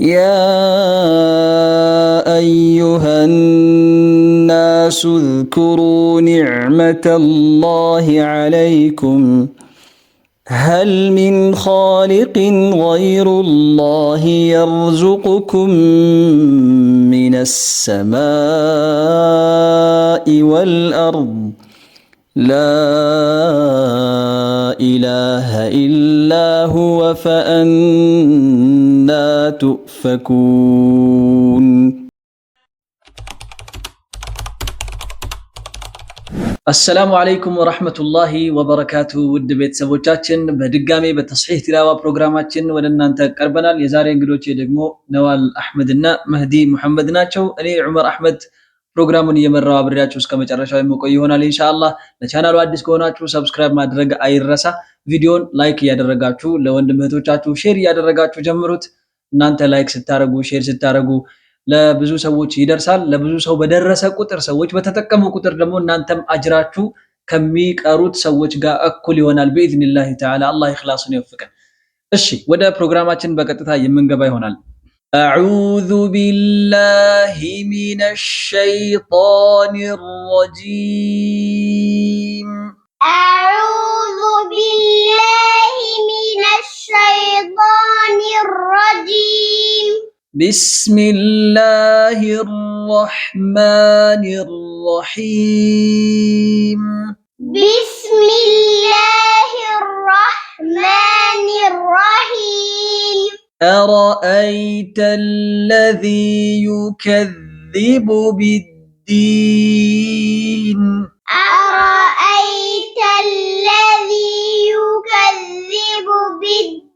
يا ايها الناس اذكروا نعمه الله عليكم هل من خالق غير الله يرزقكم من السماء والارض لا اله الا هو فانتم تؤفكون አሰላሙ አለይኩም ወራህመቱላሂ ወበረካቱ ውድ ቤተሰቦቻችን በድጋሜ በተስሒህ ቲላዋ ፕሮግራማችን ወደ እናንተ ቀርበናል። የዛሬ እንግዶቼ ደግሞ ነዋል አህመድ መህዲ ሙሐመድ ናቸው። እኔ ዑመር አህመድ ፕሮግራሙን እየመራው አብሬያችሁ እስከ መጨረሻው የምቆይ ይሆናል ኢንሻአላህ። ለቻናሉ አዲስ ከሆናችሁ ሰብስክራይብ ማድረግ አይረሳ። ቪዲዮን ላይክ እያደረጋችሁ ለወንድም እህቶቻችሁ ሼር እያደረጋችሁ ጀምሩት። እናንተ ላይክ ስታደርጉ ሼር ስታደርጉ ለብዙ ሰዎች ይደርሳል። ለብዙ ሰው በደረሰ ቁጥር ሰዎች በተጠቀሙ ቁጥር ደግሞ እናንተም አጅራችሁ ከሚቀሩት ሰዎች ጋር እኩል ይሆናል በኢዝኒላህ ተዓላ። አላህ ኢኽላሱን ይወፍቀን። እሺ ወደ ፕሮግራማችን በቀጥታ የምንገባ ይሆናል። አዑዙ ቢላሂ ሚነሽ ሸይጣኒ ረጂም أعوذ بالله من الشيطان الرجيم بسم الله الرحمن الرحيم بسم الله الرحمن الرحيم أرأيت الذي يكذب بالدين أرأيت الذي يكذب بالدين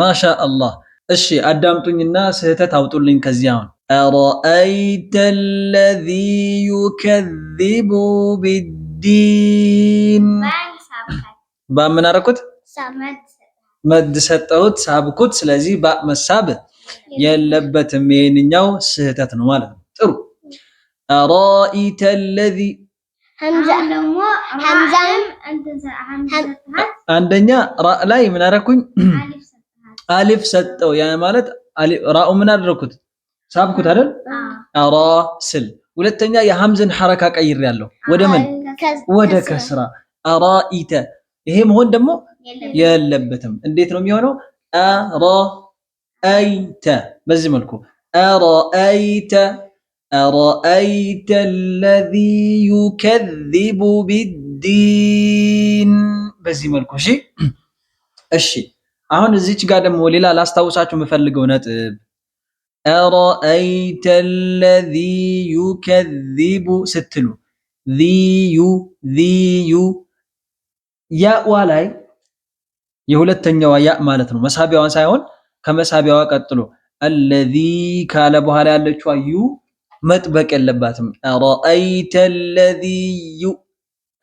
ማሻ አላህ። እሺ አዳምጡኝና ስህተት አውጡልኝ። ከዚህ አሁን አረአይተ ለዚ ዩከዚቡ ቢዲን ባምን አረኩት መድ ሰጠሁት ሳብኩት። ስለዚህ ባእ መሳብ የለበትም። ይሄንኛው ስህተት ነው ማለት ነው። አራኢተ ለዚ አንደኛ ራ ላይ ምን አደረኩኝ? አሊፍ ሰጠው። ያ ማለት ራኡ ምን አደረኩት? ሳብኩት አይደል? አራ ስል ሁለተኛ የሐምዝን ሐረካ ቀይር ያለው ወደ ምን ወደ ከስራ አራኢተ። ይሄ መሆን ደግሞ የለበትም። እንዴት ነው የሚሆነው? አይተ በዚህ መልኩ አራ አይተ? أرأيت الذي يكذب بالدين በዚህ መልኩ እሺ እሺ አሁን እዚች ጋር ደግሞ ሌላ ላስታውሳችሁ የምፈልገው ነጥብ أرأيت الذي يكذب ስትሉ ዚዩ ዚዩ ያእዋ ላይ የሁለተኛዋ ያ ማለት ነው መሳቢያዋን ሳይሆን ከመሳቢያዋ ቀጥሎ አለዚ ካለ በኋላ ያለችዋ ዩ መጥበቅ የለባትም። ረአይተ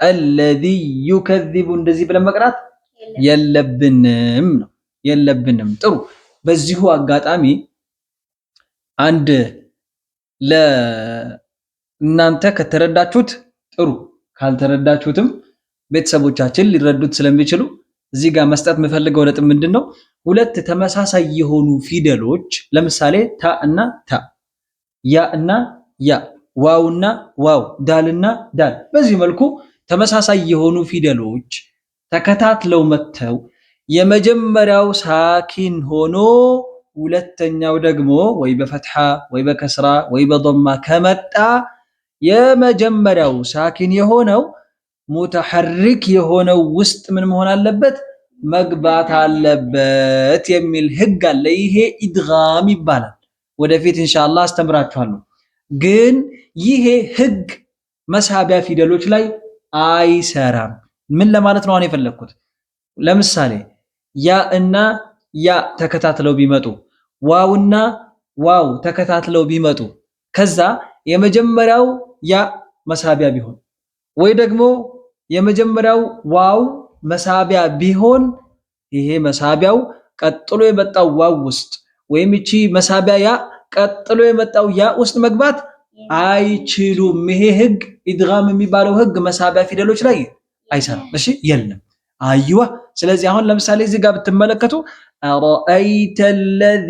አለዚ ዩከዚቡ እንደዚህ ብለን መቅራት የለብንም ነው የለብንም። ጥሩ። በዚሁ አጋጣሚ አንድ ለእናንተ ከተረዳችሁት ጥሩ፣ ካልተረዳችሁትም ቤተሰቦቻችን ሊረዱት ስለሚችሉ እዚህ ጋር መስጠት የምፈልገው ነጥብ ምንድን ነው? ሁለት ተመሳሳይ የሆኑ ፊደሎች ለምሳሌ ታ እና ታ ያ እና ያ፣ ዋው እና ዋው፣ ዳል እና ዳል። በዚህ መልኩ ተመሳሳይ የሆኑ ፊደሎች ተከታትለው መጥተው የመጀመሪያው ሳኪን ሆኖ ሁለተኛው ደግሞ ወይ በፈትሓ ወይ በከስራ ወይ በዶማ ከመጣ የመጀመሪያው ሳኪን የሆነው ሙተሐሪክ የሆነው ውስጥ ምን መሆን አለበት? መግባት አለበት የሚል ህግ አለ። ይሄ ኢድጋም ይባላል። ወደፊት ኢንሻአላህ አስተምራችኋለሁ። ግን ይሄ ህግ መሳቢያ ፊደሎች ላይ አይሰራም። ምን ለማለት ነው አሁን የፈለግኩት? ለምሳሌ ያ እና ያ ተከታትለው ቢመጡ፣ ዋው እና ዋው ተከታትለው ቢመጡ፣ ከዛ የመጀመሪያው ያ መሳቢያ ቢሆን ወይ ደግሞ የመጀመሪያው ዋው መሳቢያ ቢሆን ይሄ መሳቢያው ቀጥሎ የመጣው ዋው ውስጥ ወይም እቺ መሳቢያ ያ ቀጥሎ የመጣው ያ ውስጥ መግባት አይችሉም። ይሄ ህግ ኢድጋም የሚባለው ህግ መሳቢያ ፊደሎች ላይ አይሰራም። እሺ የለም። አይዋ ስለዚህ አሁን ለምሳሌ እዚህ ጋር ብትመለከቱ አረአይተ ለዚ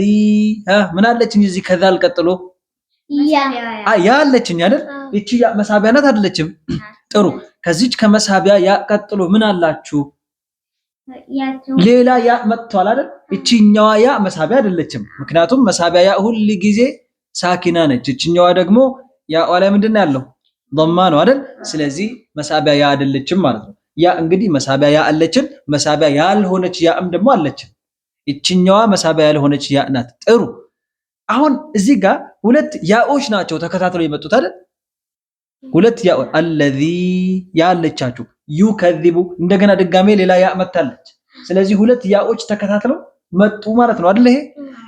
ምን አለችኝ? እዚህ ከዛል ቀጥሎ ያ አለችኝ አይደል? ይቺ መሳቢያ ናት አይደለችም? ጥሩ ከዚች ከመሳቢያ ያ ቀጥሎ ምን አላችሁ? ሌላ ያ መጥቷል አይደል? እቺኛዋ ያ መሳቢያ አይደለችም። ምክንያቱም መሳቢያ ያ ሁል ጊዜ ሳኪና ነች። እቺኛዋ ደግሞ ያ ላይ ምንድን ነው ያለው? ዶማ ነው አይደል? ስለዚህ መሳቢያ ያ አይደለችም ማለት ነው። ያ እንግዲህ መሳቢያ ያ አለችን፣ መሳቢያ ያልሆነች ያም ደግሞ አለችን። እቺኛዋ መሳቢያ ያልሆነች ያ ናት። ጥሩ። አሁን እዚህ ጋር ሁለት ያዎች ናቸው ተከታትለው የመጡት አይደል? ሁለት ያ አለዚ ያለቻችሁ ከዚቡ እንደገና ድጋሜ ሌላ ያ መታለች። ስለዚህ ሁለት ያዎች ተከታትለው መጡ ማለት ነው አይደል? ይሄ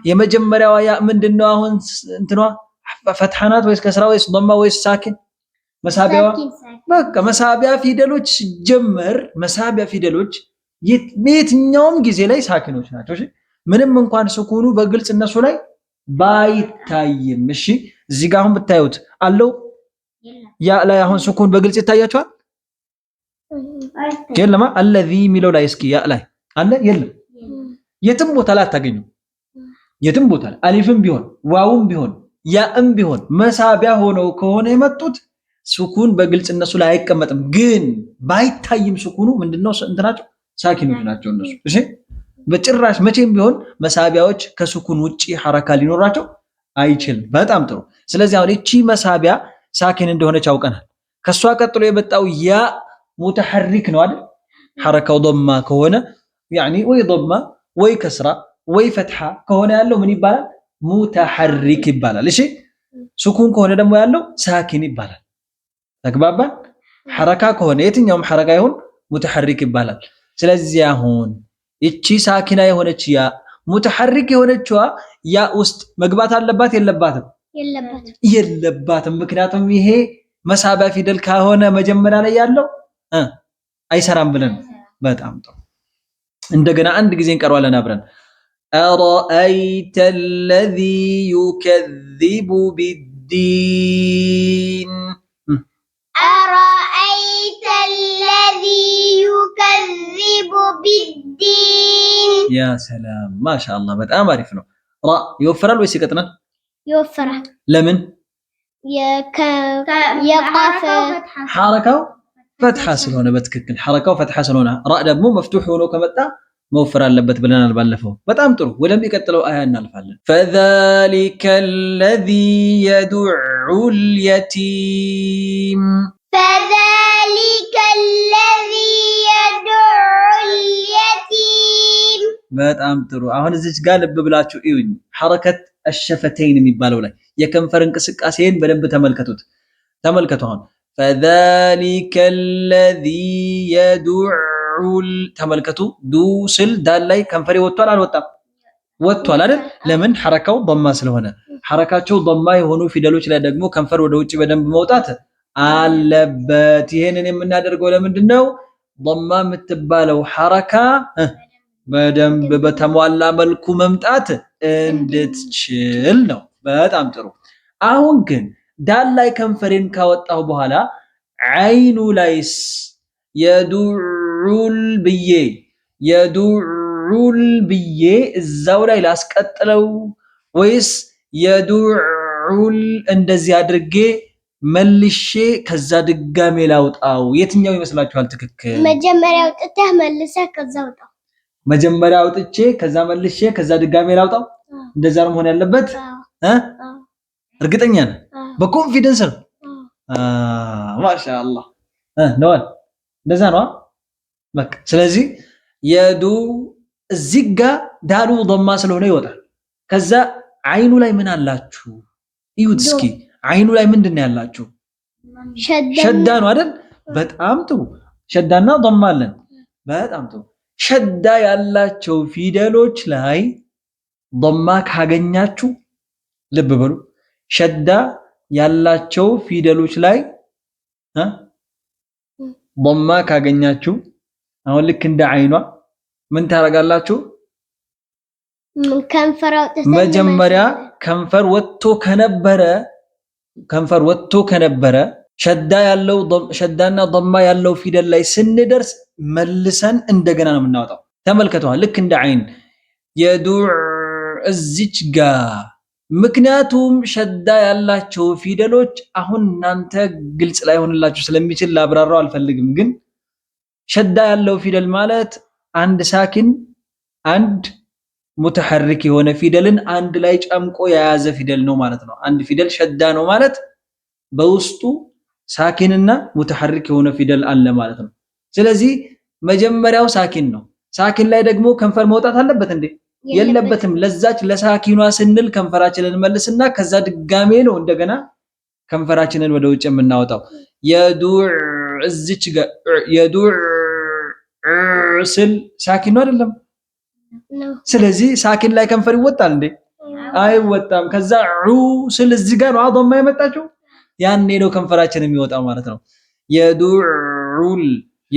የመጀመሪያዋ ያ ምንድነው? አሁን እንትኗ ፈትሐናት ወይስ ከስራ ወይስ ዶማ ወይስ ሳኪን መሳቢያዋ? በቃ መሳቢያ ፊደሎች ጀመር መሳቢያ ፊደሎች የትኛውም ጊዜ ላይ ሳኪኖች ናቸው። እሺ ምንም እንኳን ስኩኑ በግልጽ እነሱ ላይ ባይታይም፣ እሺ እዚህ ጋር አሁን ብታዩት አለው ያ ላይ አሁን ስኩን በግልጽ ይታያቸዋል? የለማ አለዚ የሚለው ላይ እስኪ ያ ላይ አለ የለም። የትም ቦታ ላይ አታገኙ። የትም ቦታ ላይ አሊፍም ቢሆን ዋውም ቢሆን ያም ቢሆን መሳቢያ ሆነው ከሆነ የመጡት ሱኩን በግልጽ እነሱ ላይ አይቀመጥም። ግን ባይታይም ሱኩኑ ምንድነው እንትናቸው ሳኪኖች ናቸው እነሱ። እሺ በጭራሽ መቼም ቢሆን መሳቢያዎች ከሱኩን ውጪ ሐረካ ሊኖራቸው አይችልም። በጣም ጥሩ። ስለዚህ አሁን እቺ መሳቢያ ሳኪን እንደሆነች አውቀናል። ከሷ ቀጥሎ የመጣው ያ ሙተሐሪክ ነው አይደል? ሐረካው ዶማ ከሆነ ያኒ ወይ ዶማ ወይ ከስራ ወይ ፈትሐ ከሆነ ያለው ምን ይባላል? ሙተሐሪክ ይባላል። እሺ ሱኩን ከሆነ ደግሞ ያለው ሳኪን ይባላል። ተግባባ ሐረካ ከሆነ የትኛውም ሐረካ ይሁን ሙተሐሪክ ይባላል። ስለዚህ አሁን እቺ ሳኪና የሆነች ያ ሙተሐሪክ የሆነችዋ ያ ውስጥ መግባት አለባት የለባትም? የለባትም። ምክንያቱም ይሄ መሳቢያ ፊደል ከሆነ መጀመሪያ ላይ ያለው አይሰራም ብለን በጣም ጥሩ። እንደገና አንድ ጊዜ እንቀርባለን አብረን አረአይተ አለዚ ዩከዚቡ ቢዲን አረአይተ አለዚ ዩከዚቡ ቢዲን። ያ ሰላም ማሻአላህ፣ በጣም አሪፍ ነው። ራ ይወፈራል ወይስ ይቀጥናል? يوفره لمن يا ك... يا قاف حركه وفتحه سلونه بتككل حركه وفتحه سلونه راء دمو مفتوح ولو كمتا موفر اللبت بلنا البلفو بتام طرو ولم يقتلوا ايه نالفالن فذلك الذي يدع اليتيم فذلك الذي يدع اليتيم بتام طرو اهون زيج قال ببلاتو ايوني حركه አሸፈተይን የሚባለው ላይ የከንፈር እንቅስቃሴን በደንብ ተመልከቱት። ተመልከቱ አሁን ፈዛሊከ ለዚ የዱዑል ተመልከቱ። ዱ ስል ዳል ላይ ከንፈሬ ወጥቷል አልወጣም? ወጥቷል አይደል? ለምን ሐረካው በማ ስለሆነ። ሐረካቸው በማ የሆኑ ፊደሎች ላይ ደግሞ ከንፈር ወደ ውጭ በደንብ መውጣት አለበት። ይሄንን የምናደርገው ለምንድን ነው? በማ የምትባለው ሐረካ በደንብ በተሟላ መልኩ መምጣት እንድትችል ነው። በጣም ጥሩ። አሁን ግን ዳል ላይ ከንፈሬን ካወጣሁ በኋላ አይኑ ላይስ የዱዑል ብዬ የዱዑል ብዬ እዛው ላይ ላስቀጥለው ወይስ የዱዑል እንደዚህ አድርጌ መልሼ ከዛ ድጋሜ ላውጣው? የትኛው ይመስላችኋል ትክክል? መጀመሪያ አውጥተህ መልሰህ ከዛ አውጣው። መጀመሪያ አውጥቼ ከዛ መልሼ ከዛ ድጋሜ ላውጣው። እንደዛ ነው መሆን ያለበት። እርግጠኛ ነህ? በኮንፊደንስ ነው። ማሻአላ ነዋል። እንደዛ ነው በቃ። ስለዚህ የዱ እዚህ ጋ ዳሉ ዶማ ስለሆነ ይወጣል። ከዛ አይኑ ላይ ምን አላችሁ? እዩት እስኪ አይኑ ላይ ምንድን ያላችሁ? ሸዳ ነው አይደል? በጣም ጥሩ ሸዳና ዶማ አለን። በጣም ጥሩ ሸዳ ያላቸው ፊደሎች ላይ ዶማ ካገኛችሁ ልብ በሉ። ሸዳ ያላቸው ፊደሎች ላይ ዶማ ካገኛችሁ፣ አሁን ልክ እንደ አይኗ ምን ታደርጋላችሁ? መጀመሪያ ከንፈር ወጥቶ ከነበረ ከንፈር ወጥቶ ከነበረ ሸዳ ያለው ሸዳና ضማ ያለው ፊደል ላይ ስንደርስ መልሰን እንደገና ነው የምናወጣው። ተመልከተዋ ልክ እንደ አይን የዱዕ እዚች ጋ ምክንያቱም ሸዳ ያላቸው ፊደሎች አሁን እናንተ ግልጽ ላይሆንላችሁ ስለሚችል ላብራራው አልፈልግም። ግን ሸዳ ያለው ፊደል ማለት አንድ ሳኪን አንድ ሙተሐሪክ የሆነ ፊደልን አንድ ላይ ጨምቆ የያዘ ፊደል ነው ማለት ነው። አንድ ፊደል ሸዳ ነው ማለት በውስጡ ሳኪንና ሙተሐሪክ የሆነ ፊደል አለ ማለት ነው። ስለዚህ መጀመሪያው ሳኪን ነው። ሳኪን ላይ ደግሞ ከንፈር መውጣት አለበት እንዴ? የለበትም። ለዛች ለሳኪኗ ስንል ከንፈራችንን መልስና ከዛ ድጋሜ ነው እንደገና ከንፈራችንን ወደ ውጭ የምናወጣው። የዱዕ እዚች ጋር የዱዕ ስል ሳኪን ነው አይደለም? ስለዚህ ሳኪን ላይ ከንፈር ይወጣል እንዴ? አይወጣም። ከዛ ዑ ስል እዚህ ጋር ነው አዶማ የመጣችው ያኔ ነው ከንፈራችን የሚወጣው ማለት ነው። የዱዑል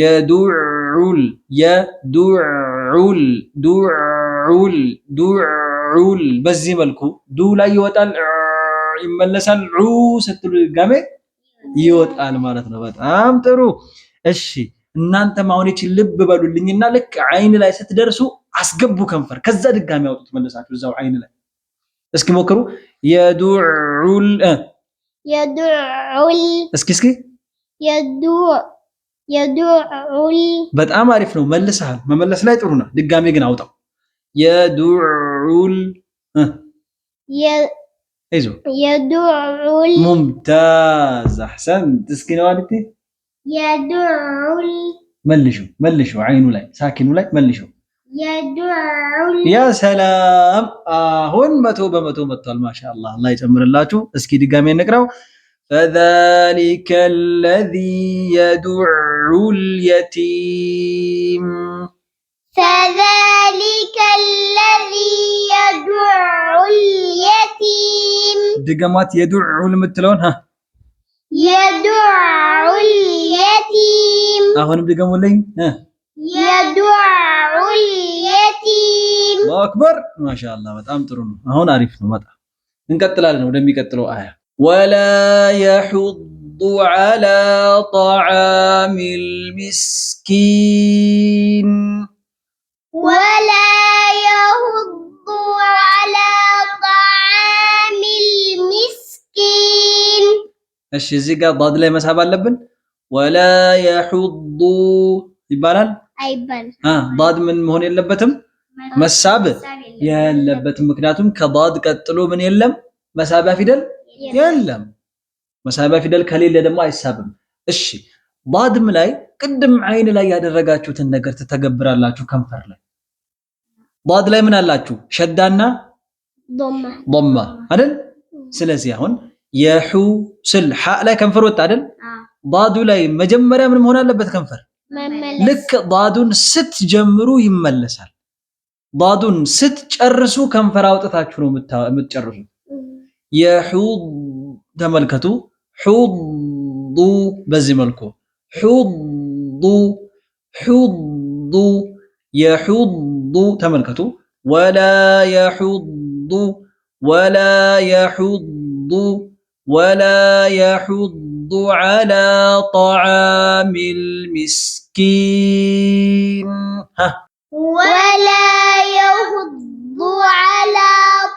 የዱዑል የዱዑል ዱዑል ዱዑል በዚህ መልኩ ዱ ላይ ይወጣል፣ ይመለሳል። ዑ ስትሉ ድጋሜ ይወጣል ማለት ነው። በጣም ጥሩ እሺ። እናንተም አሁን ይቺ ልብ በሉልኝና ልክ አይን ላይ ስትደርሱ አስገቡ ከንፈር፣ ከዛ ድጋሚ አውጡት፣ መለሳችሁ እዛው አይን ላይ እስኪ ሞክሩ የዱዑል يدوع ال اسكسكي يدوع يدوع ال በጣም አሪፍ ነው መልሰሃል መመለስ ላይ ጥሩ ነው ድጋሜ ግን አውጣው يدوع ال اه. ايزو ال ممتاز احسن اسكي والدتي يدوع ال ملشو ملشو عينو لاي ساكنو لاي ملشو يا سلام أهون متو بمتو متل ما شاء الله الله يتمر الله اسكي قامين نقرأ فذلك الذي يدعو اليتيم فذلك الذي يدعو اليتيم دقامات يدعو المتلون ها يدعو اليتيم أهون بدقامو لين ها يدعو اليتيم الله اكبر ما شاء الله በጣም ጥሩ ነው አሁን አሪፍ ነው በጣም እንቀጥላለን ወደሚቀጥለው አያ ولا يحض على طعام المسكين ولا يحض على طعام المسكين الشيزيكا እዚህ ጋር ضاد ላይ መሳብ አለብን ولا يحض ይባላል ባድ ምን መሆን የለበትም መሳብ የለበትም። ምክንያቱም ከባድ ቀጥሎ ምን የለም መሳቢያ ፊደል የለም። መሳቢያ ፊደል ከሌለ ደግሞ አይሳብም። እሺ ባድም ላይ ቅድም አይን ላይ ያደረጋችሁትን ነገር ትተገብራላችሁ። ከንፈር ላይ ባድ ላይ ምን አላችሁ? ሸዳና ዶማ አይደል? ስለዚህ አሁን የሑ ስል ሐ ላይ ከንፈር ወጣ አይደል? ባዱ ላይ መጀመሪያ ምን መሆን አለበት ከንፈር ልክ ዳዱን ስትጀምሩ ይመለሳል። ዳዱን ስትጨርሱ ከንፈር አውጥታችሁ ነው የምትጨርሱት። የሑድ ተመልከቱ፣ ሑዱ በዚህ መልኩ ሑዱ ሑዱ የሑዱ ተመልከቱ፣ ወላ የሑዱ ወላ የሑዱ ወላ የሑዱ يحض على طعام المسكين ها ولا يحض على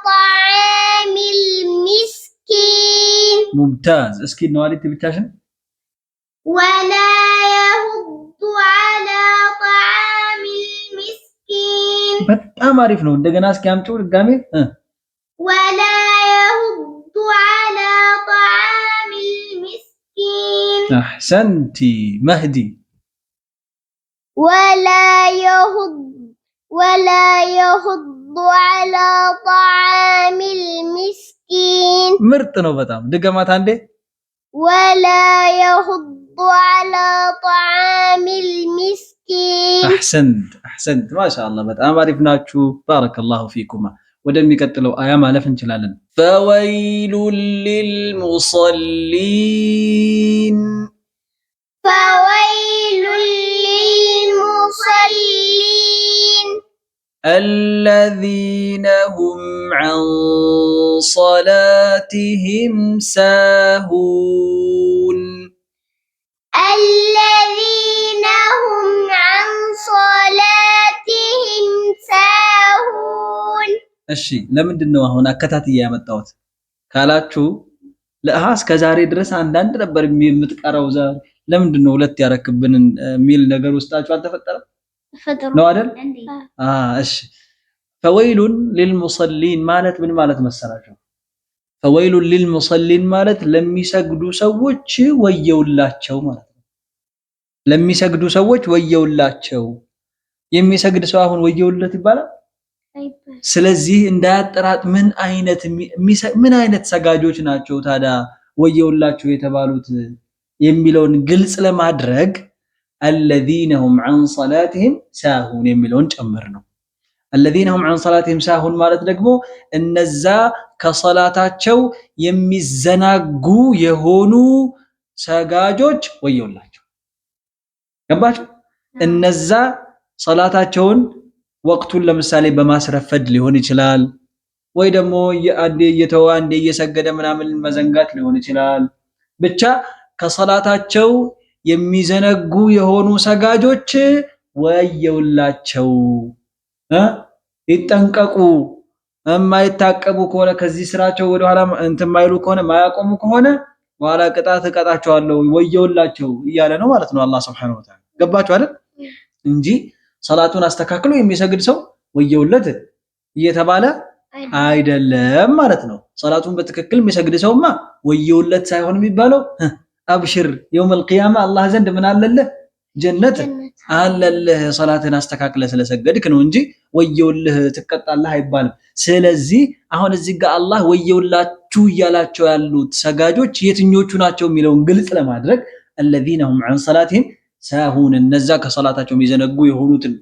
طعام المسكين ممتاز اسكي النوالي تبتاشن ولا يحض على طعام المسكين በጣም አሪፍ ነው እንደገና እስኪ አምጪው ድጋሜ ولا يحض على أحسنت مهدي ولا يهض ولا يهض على طعام المسكين مرتنو بتام دقمات عندي ولا يهض على طعام المسكين أحسنت أحسنت ما شاء الله أنا عرفنا شو بارك الله فيكما ودم يقتلوا أيام ألف فويل للمصلين فويل للمصلين الذين هم عن صلاتهم ساهون الذين هم عن صلاتهم ساهون እሺ ለምንድን ነው አሁን አከታትዬ ያመጣሁት ካላችሁ ለሃስ ከዛሬ ድረስ አንዳንድ ነበር የምትቀረው ዛሬ ለምንድን ነው ሁለት ያረክብን የሚል ነገር ውስጣችሁ አልተፈጠረም? ነው አይደል? እሺ ፈወይሉን ሊልሙሰሊን ማለት ምን ማለት መሰላችሁ ፈወይሉን ሊልሙሰሊን ማለት ለሚሰግዱ ሰዎች ወየውላቸው ማለት ነው። ለሚሰግዱ ሰዎች ወየውላቸው። የሚሰግድ ሰው አሁን ወየውለት ይባላል። ስለዚህ እንዳያጠራጥ ምን አይነት ምን አይነት ሰጋጆች ናቸው ታዲያ ወየውላቸው የተባሉት? የሚለውን ግልጽ ለማድረግ አለዚነ ሁም ዐን ሰላትህም ሳሁን የሚለውን ጭምር ነው። አለዚነ ሁም ዐን ሰላትህም ሳሁን ማለት ደግሞ እነዛ ከሰላታቸው የሚዘናጉ የሆኑ ሰጋጆች ወየውላቸው። ገባችሁ? እነዛ ሰላታቸውን ወቅቱን ለምሳሌ በማስረፈድ ሊሆን ይችላል፣ ወይ ደግሞ አንዴ እየተዋ አንዴ እየሰገደ ምናምን መዘንጋት ሊሆን ይችላል ብቻ ከሰላታቸው የሚዘነጉ የሆኑ ሰጋጆች ወየውላቸው ይጠንቀቁ። የማይታቀቡ ከሆነ ከዚህ ስራቸው ወደኋላ እንትን ማይሉ ከሆነ ማያቆሙ ከሆነ በኋላ ቅጣት እቀጣቸዋለሁ ወየውላቸው እያለ ነው ማለት ነው አላህ ሱብሓነሁ ወተዓላ። ገባችሁ አይደል? እንጂ ሰላቱን አስተካክሎ የሚሰግድ ሰው ወየውለት እየተባለ አይደለም ማለት ነው። ሰላቱን በትክክል የሚሰግድ ሰውማ ወየውለት ሳይሆን የሚባለው አብሽር የውመል ቂያማ አላህ ዘንድ ምን አለልህ? ጀነት አለልህ። ሰላትህን አስተካክለህ ስለሰገድክ ነው እንጂ ወየውልህ ትቀጣለህ አይባልም። ስለዚህ አሁን እዚህ ጋር አላህ ወየውላችሁ እያላቸው ያሉት ሰጋጆች የትኞቹ ናቸው የሚለውን ግልጽ ለማድረግ አለዚነ ሁም ዐን ሰላትህም ሳሁን፣ እነዛ ከሰላታቸው የሚዘነጉ የሆኑትን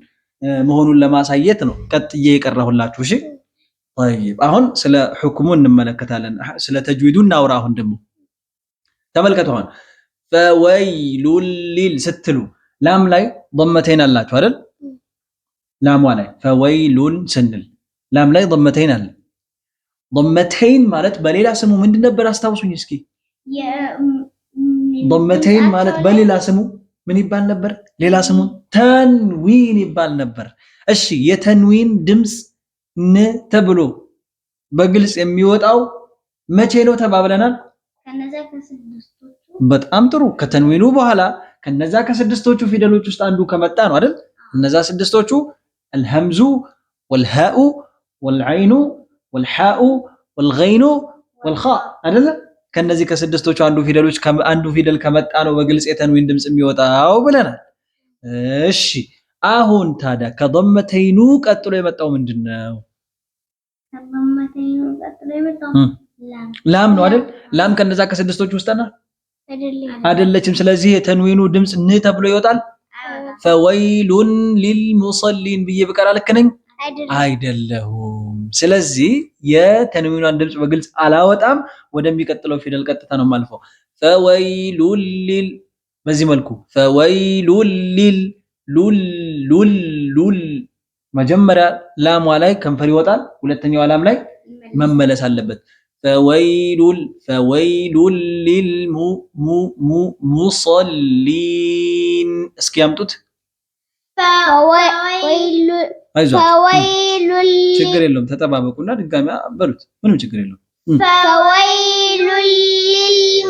መሆኑን ለማሳየት ነው ቀጥዬ የቀራሁላችሁ። እሺ፣ ጠይብ አሁን ስለ ሑክሙ እንመለከታለን። ስለ ተጅዊዱ እናውራ አሁን ደግሞ ተመልከተዋል። ፈወይሉል ሊል ስትሉ ላም ላይ ضመተይን አላችሁ አይደል? ላሟ ላይ ፈወይሉን ስንል ላም ላይ ضመተይን አለ። ضመተይን ማለት በሌላ ስሙ ምንድን ነበር? አስታውሱኝ እስኪ። ضመተይን ማለት በሌላ ስሙ ምን ይባል ነበር? ሌላ ስሙ ተንዊን ይባል ነበር። እሺ የተንዊን ድምፅ ን ተብሎ በግልጽ የሚወጣው መቼ ነው ተባብለናል? በጣም ጥሩ። ከተንዊኑ በኋላ ከነዛ ከስድስቶቹ ፊደሎች ውስጥ አንዱ ከመጣ ነው አይደል? እነዛ ስድስቶቹ አልሐምዙ ወልሃኡ ወልዐይኑ ወልሓኡ ወልገይኑ ወልኻ አይደለ? ከነዚህ ከስድስቶቹ አንዱ ፊደሎች አንዱ ፊደል ከመጣ ነው በግልጽ የተንዊን ድምፅ የሚወጣው ብለናል። እሺ አሁን ታዲያ ከደመተይኑ ቀጥሎ የመጣው ምንድን ነው? ላም ነው አይደል? ላም ከነዛ ከስድስቶች ውስጥ አይደለችም። ስለዚህ የተንዊኑ ድምፅ ን ተብሎ ይወጣል። ፈወይሉን ሊልሙሰሊን ብዬ ብቀራ ልክ ነኝ? አይደለሁም። ስለዚህ የተንዊኗን ድምፅ በግልጽ አላወጣም። ወደሚቀጥለው ፊደል ቀጥታ ነው የማልፈው። ፈወይሉን ሊል በዚህ መልኩ ፈወይሉን ሊል ሉል መጀመሪያ ላሟ ላይ ከንፈር ይወጣል። ሁለተኛዋ ላም ላይ መመለስ አለበት። فويل فويل للمصلين اسكي ام توت فويل فويل شكر لهم تتابع بكنا رجعنا بروت منو شكر لهم فويل للمصلين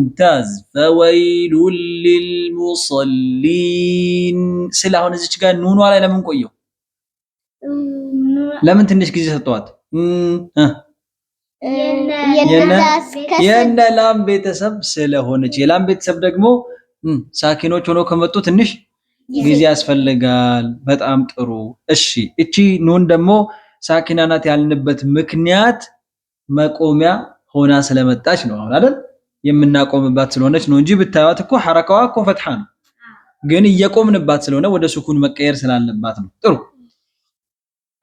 ممتاز فويل للمصلين سلا هون زيك نون ولا لمن كويو لمن تنش كيزي سطوات የነ ላም ቤተሰብ ስለሆነች የላም ቤተሰብ ደግሞ ሳኪኖች ሆነው ከመጡ ትንሽ ጊዜ ያስፈልጋል። በጣም ጥሩ። እሺ እቺ ኑን ደግሞ ሳኪና ናት ያልንበት ምክንያት መቆሚያ ሆና ስለመጣች ነው። አሁን አይደል የምናቆምባት ስለሆነች ነው እንጂ ብታዩት እኮ ሐረካዋ እኮ ፈትሐ ነው፣ ግን እየቆምንባት ስለሆነ ወደ ሱኩን መቀየር ስላለባት ነው። ጥሩ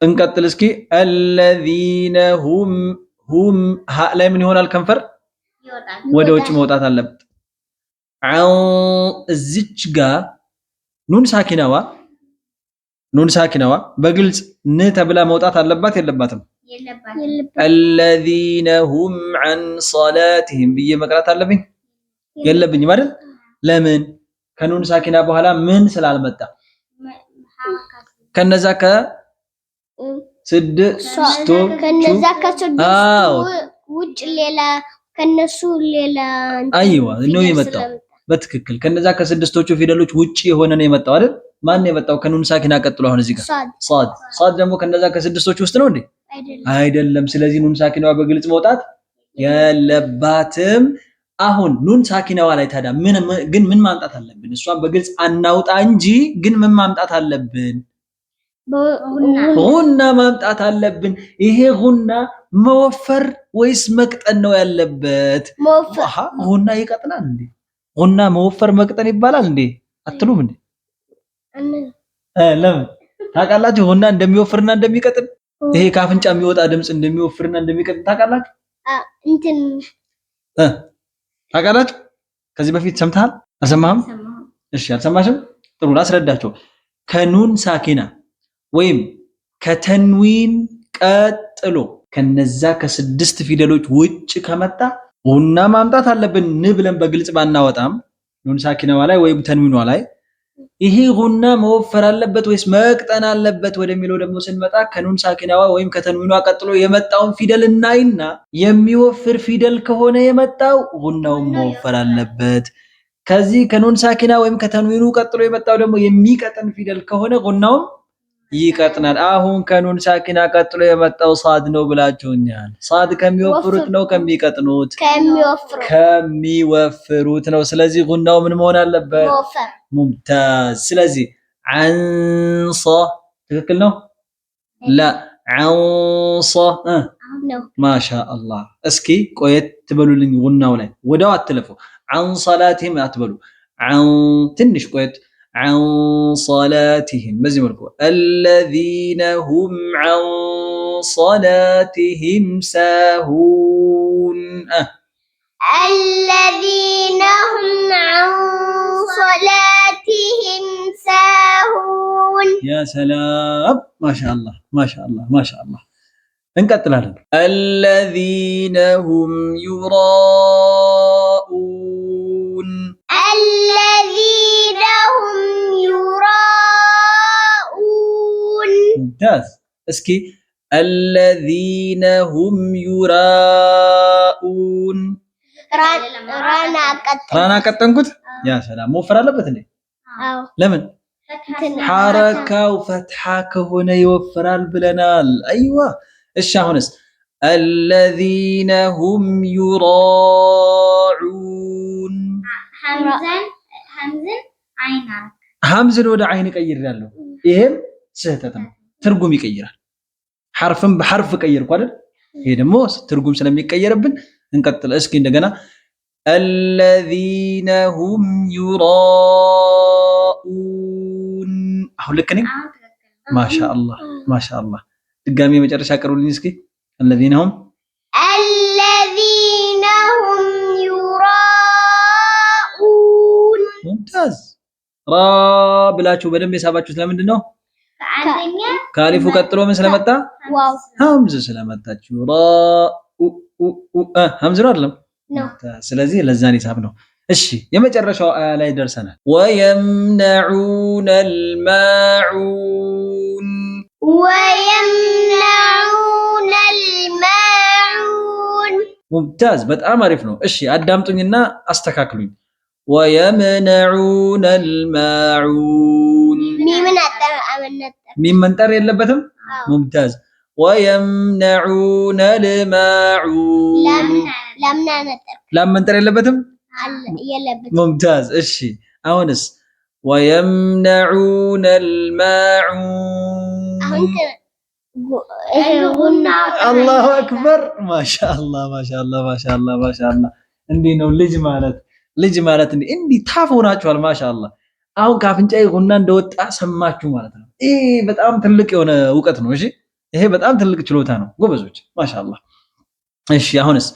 እንቀጥል እስኪ አለዚነ ሁም ሁም ሀ ላይ ምን ይሆናል? ከንፈር ወደ ውጭ መውጣት አለበት። እዚች ጋ ኑን ሳኪናዋ ኑን ሳኪናዋ በግልጽ ን ተብላ መውጣት አለባት የለባትም? አለዚነ ሁም አን ሰላትህም ብዬ መቅራት አለብኝ የለብኝ? አይደል? ለምን ከኑን ሳኪና በኋላ ምን ስላልመጣ ከነዛ ከ ስድስቱ ከነዛ ከስድስቱ ውጭ ሌላ ከነሱ ሌላ አይዋ ነው የመጣው። በትክክል ከነዛ ከስድስቶቹ ፊደሎች ውጭ የሆነ ነው የመጣው አይደል? ማን ነው የመጣው? ከኑን ሳኪና ቀጥሎ አሁን እዚህ ጋር ሷድ። ሷድ ደግሞ ከነዛ ከስድስቶቹ ውስጥ ነው እንዴ? አይደለም። ስለዚህ ኑን ሳኪናዋ በግልጽ መውጣት የለባትም። አሁን ኑን ሳኪናዋ ላይ ታዲያ ምን ግን ምን ማምጣት አለብን? እሷን በግልጽ አናውጣ እንጂ ግን ምን ማምጣት አለብን? ሁና ማምጣት አለብን። ይሄ ሁና መወፈር ወይስ መቅጠን ነው ያለበት? ሁና ይቀጥናል እንዴ? ሁና መወፈር መቅጠን ይባላል እንዴ? አትሉም እንዴ? ለምን ታውቃላችሁ? ሁና እንደሚወፍርና እንደሚቀጥን ይሄ ከአፍንጫ የሚወጣ ድምፅ እንደሚወፍርና እንደሚቀጥን ታውቃላችሁ? እንትን ታውቃላችሁ? ከዚህ በፊት ሰምተሃል? አልሰማህም? እሺ፣ አልሰማሽም? ጥሩ ላስረዳቸው ከኑን ሳኪና ወይም ከተንዊን ቀጥሎ ከነዛ ከስድስት ፊደሎች ውጭ ከመጣ ቡና ማምጣት አለብን። ን ብለን በግልጽ ባናወጣም ኑን ሳኪናዋ ላይ ወይም ተንዊኗ ላይ ይሄ ቡና መወፈር አለበት ወይስ መቅጠን አለበት ወደሚለው ደግሞ ስንመጣ ከኑን ሳኪናዋ ወይም ከተንዊኗ ቀጥሎ የመጣውን ፊደል እናይና የሚወፍር ፊደል ከሆነ የመጣው ቡናውን መወፈር አለበት። ከዚህ ከኑን ሳኪና ወይም ከተንዊኑ ቀጥሎ የመጣው ደግሞ የሚቀጥን ፊደል ከሆነ ቡናውን ይቀጥናል። አሁን ከኑን ሳኪና ቀጥሎ የመጣው ሳድ ነው ብላችሁኛል። ሳድ ከሚወፍሩት ነው ከሚቀጥኑት ከሚወፍሩት ነው። ስለዚህ ጉናው ምን መሆን አለበት? ሙምታዝ። ስለዚህ አንሶ ትክክል ነው። ላ ማሻአላህ። እስኪ ቆየት ትበሉልኝ። ጉናው ላይ ወዲያው አትለፉ። አን ሰላቲም አትበሉ። አን ትንሽ ቆየት عن صلاتهم مزم الذين هم عن صلاتهم ساهون أه. الذين هم عن صلاتهم ساهون يا سلام ما شاء الله ما شاء الله ما شاء الله انقطع الذين هم يراءون الذين هم يراءون ممتاز اسكي الذين هم يراءون رانا كتنكت رانا كتنكت يا سلام مو فرالة بتني لمن حركة وفتحة كهنا يوفر البلنال أيوة إيش الذين هم يراعون آه. ሐምዝን ወደ አይን ቀይር ያለው ይሄም ስህተት ነው። ትርጉም ይቀይራል። ሐርፍም በሐርፍ ቀይርኩ አይደል? ይሄ ደግሞ ትርጉም ስለሚቀየርብን እንቀጥል እስኪ እንደገና አለዚነ ሁም ዩራኡን አሁን ልክ ነኝ? ማሻአላህ ማሻአላህ። ድጋሚ የመጨረሻ ቅሩልኝ እስኪ አለዚነ ሁም ሙምታዝ ራ ብላችሁ በደንብ የሳባችሁት ለምንድን ነው? ከአሊፉ ቀጥሎ ምን ስለመጣ ሀምዝ ስለመጣችሁ ሀምዝ ነው አይደለም? ስለዚህ ለዛን ሂሳብ ነው። እሺ የመጨረሻው አያ ላይ ደርሰናል። ወየምነዑነ ልማዑን ወየምነዑነ ልማዑን ሙምታዝ በጣም አሪፍ ነው። እሺ አዳምጡኝና አስተካክሉኝ። ወየምነዑነ አልማዑን ሚም መንጠር የለበትም። ሙምታዝ ወየምነዑነ አልማዑን ላም የለበትም። ሙምታዝ እሺ። አሁንስ ወየምነዑነ አልማዑን አላሁ አክበር። ማሻአላህ ማሻአላህ ማሻአላህ ማሻአላህ። እንዲህ ነው ልጅ ማለት ልጅ ማለት እንዲህ እንዲህ ታፍ ሆናችኋል። ማሻአላ አሁን ከአፍንጫዬ ሆና እንደወጣ ሰማችሁ ማለት ነው። ይሄ በጣም ትልቅ የሆነ እውቀት ነው። እሺ ይሄ በጣም ትልቅ ችሎታ ነው። ጎበዞች ማሻአላ። እሺ አሁንስ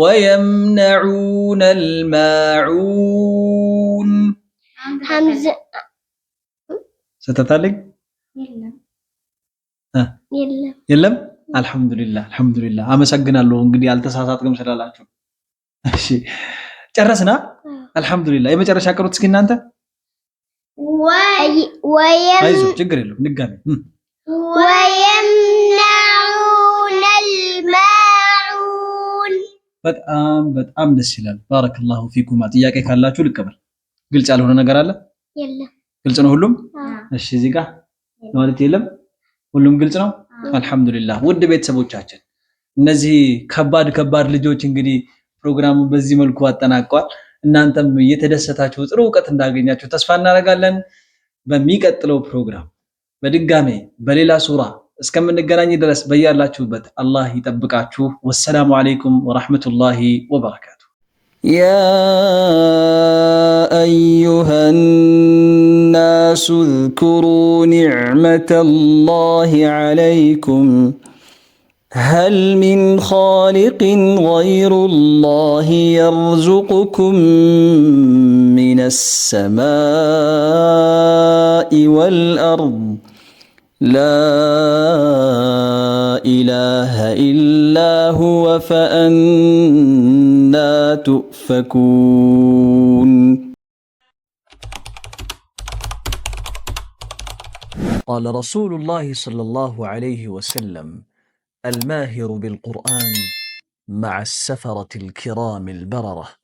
ወየምነዑነ ልማዑን ስተታልግ የለም። አልሐምዱሊላህ አልሐምዱሊላህ። አመሰግናለሁ እንግዲህ አልተሳሳትክም ስላላችሁ እሺ ጨረስና አልሐምዱሊላ። የመጨረሻ ቀሩት እስኪ እናንተ ወይም ችግር የለም ድጋሚ በጣም በጣም ደስ ይላል። ባረከላሁ ፊኩማ። ጥያቄ ካላችሁ ልቀበል። ግልጽ ያልሆነ ነገር አለ? ግልጽ ነው ሁሉም? እሺ እዚህ ጋር ማለት የለም ሁሉም ግልጽ ነው። አልሐምዱሊላህ ውድ ቤተሰቦቻችን እነዚህ ከባድ ከባድ ልጆች እንግዲህ ፕሮግራሙ በዚህ መልኩ አጠናቋል። እናንተም እየተደሰታችሁ ጥሩ እውቀት እንዳገኛችሁ ተስፋ እናደርጋለን። በሚቀጥለው ፕሮግራም በድጋሜ በሌላ ሱራ እስከምንገናኝ ድረስ በያላችሁበት አላህ ይጠብቃችሁ። ወሰላሙ አለይኩም ወራህመቱላሂ ወበረካቱ። ያ አዩሃ ናሱ እዝኩሩ ኒዕመተላሂ አለይኩም هل من خالق غير الله يرزقكم من السماء والأرض لا إله إلا هو فأنا تؤفكون قال رسول الله صلى الله عليه وسلم الماهر بالقرآن مع السفرة الكرام البررة